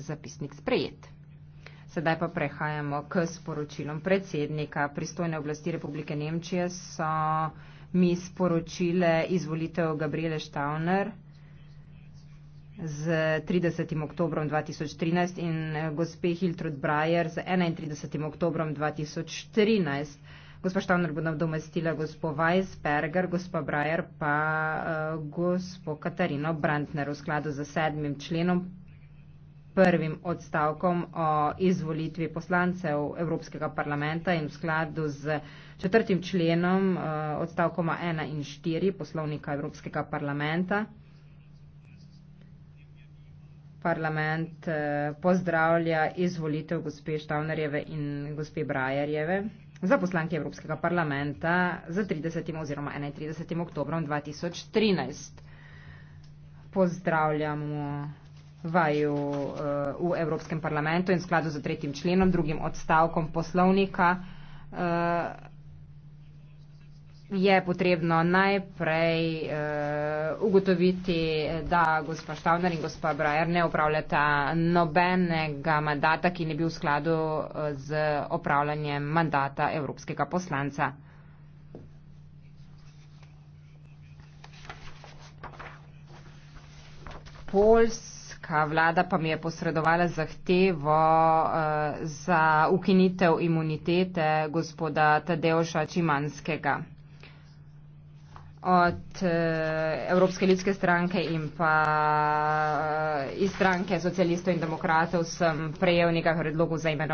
zapisnik sprejet. Sedaj pa prehajamo k sporočilom predsednika. Pristojne oblasti Republike Nemčije so mi sporočile izvolitev Gabriele Štavner z 30. oktobrom 2013 in eh, gospe Hiltrud Brajer z 31. oktobrom 2013. Gospa Štavner bo nadomestila gospo Weisberger, gospa Brajer pa uh, gospo Katarino Brandner v skladu z sedmim členom prvim odstavkom o izvolitvi poslancev Evropskega parlamenta in v skladu z četrtim členom eh, odstavkoma 1 in 4 poslovnika Evropskega parlamenta. Parlament eh, pozdravlja izvolitev gospe Štavnerjeve in gospe Brajerjeve za poslanke Evropskega parlamenta za 30. oziroma 31. oktobrom 2013. Pozdravljamo vaju eh, v Evropskem parlamentu in v skladu z tretjim členom, drugim odstavkom poslovnika eh, je potrebno najprej eh, ugotoviti, da gospa Štavner in gospa Brajer ne upravljata nobenega mandata, ki ne bi v skladu z opravljanjem mandata evropskega poslanca. Poljs stranka. Vlada pa mi je posredovala zahtevo uh, za ukinitev imunitete gospoda Tadeoša Čimanskega. Od uh, Evropske ljudske stranke in pa uh, iz stranke socialistov in demokratov sem prejel nekaj predlogov za imenovanje.